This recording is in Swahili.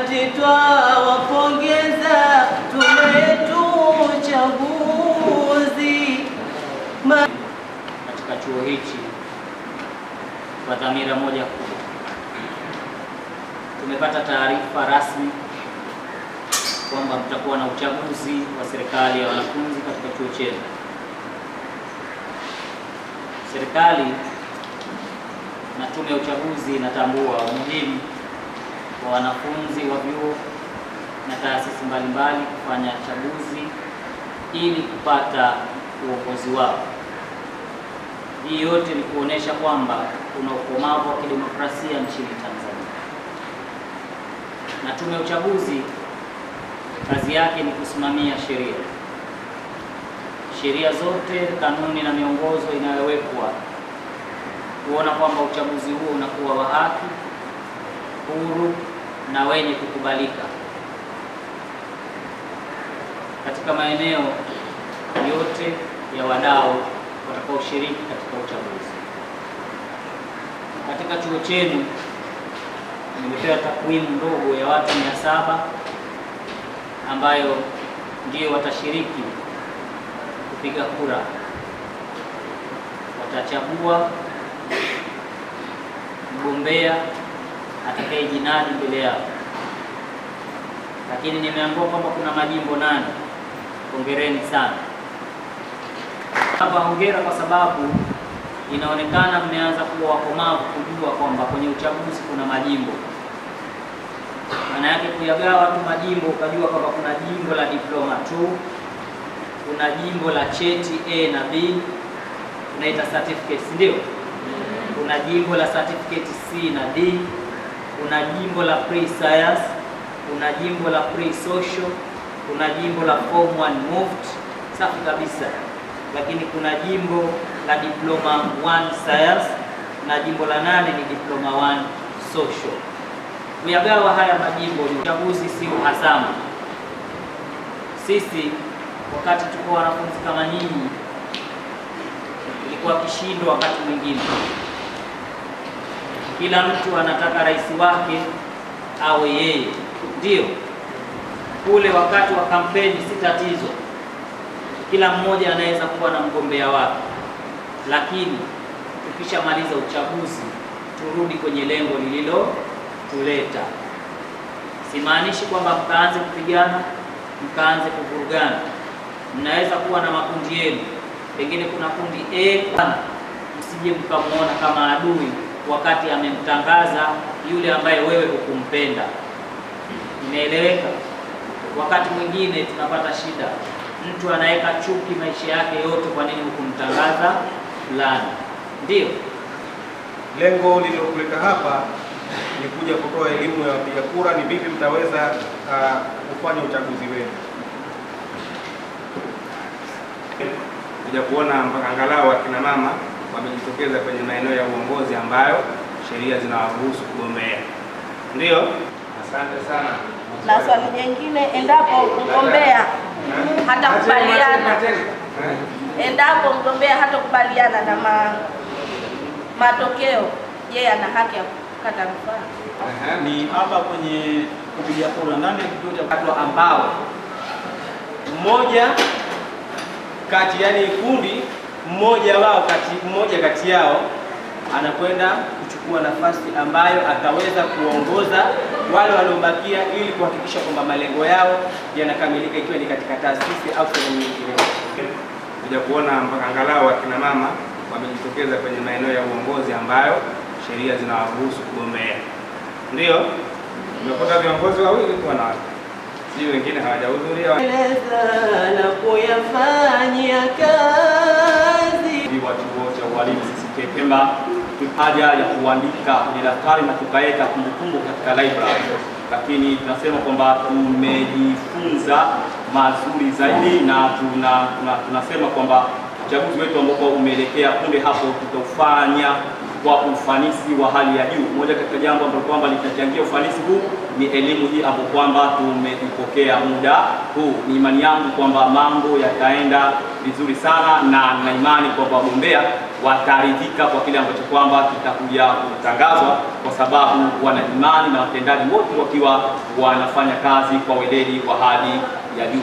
Wakati twawapongeza tume yetu uchaguzi katika chuo hichi kwa dhamira moja kubwa, tumepata taarifa rasmi kwamba mtakuwa na uchaguzi wa serikali ya wanafunzi katika chuo chetu. Serikali na tume ya uchaguzi inatambua umuhimu kwa wanafunzi wa vyuo na taasisi mbalimbali kufanya chaguzi ili kupata uongozi wao. Hii yote ni kuonesha kwamba kuna ukomavu wa kidemokrasia nchini Tanzania, na tume ya uchaguzi kazi yake ni kusimamia sheria, sheria zote, kanuni na miongozo inayowekwa kuona kwamba uchaguzi huo unakuwa wa haki, huru na wenye kukubalika katika maeneo yote ya wadau watakaoshiriki katika uchaguzi. Katika chuo chenu nimepewa takwimu ndogo ya watu mia saba ambayo ndio watashiriki kupiga kura, watachagua mgombea atakayejinadi mbele yao. Lakini nimeambiwa kwamba kuna majimbo nane. Hongereni sana hapa, hongera kwa sababu inaonekana mmeanza kuwa wakomavu kujua kwamba kwenye uchaguzi kuna majimbo. Maana yake kuyagawa tu majimbo ukajua kwamba kuna jimbo la diploma tu, kuna jimbo la cheti A na B tunaita certificate, ndio kuna jimbo la certificate C na D kuna jimbo la pre science, kuna jimbo la pre social, kuna jimbo la form one moved, safi kabisa. Lakini kuna jimbo la diploma 1 science na jimbo la nane ni diploma 1 social. Kuyagawa haya majimbo ni uchaguzi, si uhasama. Sisi wakati tuko wanafunzi kama nyinyi, ilikuwa kishindo wakati mwingine kila mtu anataka rais wake awe yeye. Ndiyo, kule wakati wa kampeni si tatizo, kila mmoja anaweza kuwa na mgombea wake, lakini tukishamaliza uchaguzi turudi kwenye lengo lililotuleta. Simaanishi kwamba mkaanze kupigana, mkaanze kuvurugana. Mnaweza kuwa na makundi yenu, pengine kuna kundi A, e, msije mkamwona kama adui wakati amemtangaza yule ambaye wewe hukumpenda. Imeeleweka? Wakati mwingine tunapata shida, mtu anaweka chuki maisha yake yote, kwa nini hukumtangaza fulani? Ndiyo lengo lililokuleka hapa ni kuja kutoa elimu ya wapiga kura, ni vipi mtaweza uh, kufanya uchaguzi wenu kuja kuona angalau akina mama wamejitokeza kwenye maeneo ya uongozi ambayo sheria zinawaruhusu kugombea. Ndiyo, asante sana. Na swali jingine, endapo mgombea hatakubaliana endapo mgombea hatakubaliana na ma, matokeo, yeye ana haki ya kukata rufaa? Ni hapa kwenye kupiga kura ndani ya kituo cha watu ambao mmoja kati, yani kundi mmoja wao kati, mmoja kati yao anakwenda kuchukua nafasi ambayo ataweza kuongoza wale waliobakia ili kuhakikisha kwamba malengo yao yanakamilika, ikiwa ni katika taasisi au sehemu nyingine. Kuja kuona angalau akina mama wamejitokeza kwenye maeneo ya uongozi ambayo sheria zinawaruhusu kugombea. Ndio tumepata viongozi wawili kwa wengine hawajahudhuria na kuyafanyia kazi walimu sisi Kemba, ni haja ya kuandika kwenye daftari na tukaweka kumbukumbu katika library, lakini tunasema kwamba tumejifunza mazuri zaidi na tuna, tuna, tunasema kwamba uchaguzi wetu ambao umeelekea punde hapo tutaufanya kwa ufanisi wa hali ya juu. Moja katika jambo ambalo kwamba litachangia ufanisi huu ni elimu hii ambayo kwamba tumeipokea muda huu. Ni imani yangu kwamba mambo yataenda vizuri sana, na na imani kwamba wagombea wataridhika kwa kile ambacho kwamba kitakuja kutangazwa, kwa sababu wana imani na watendaji wote wakiwa wanafanya kazi kwa weledi wa hali ya juu.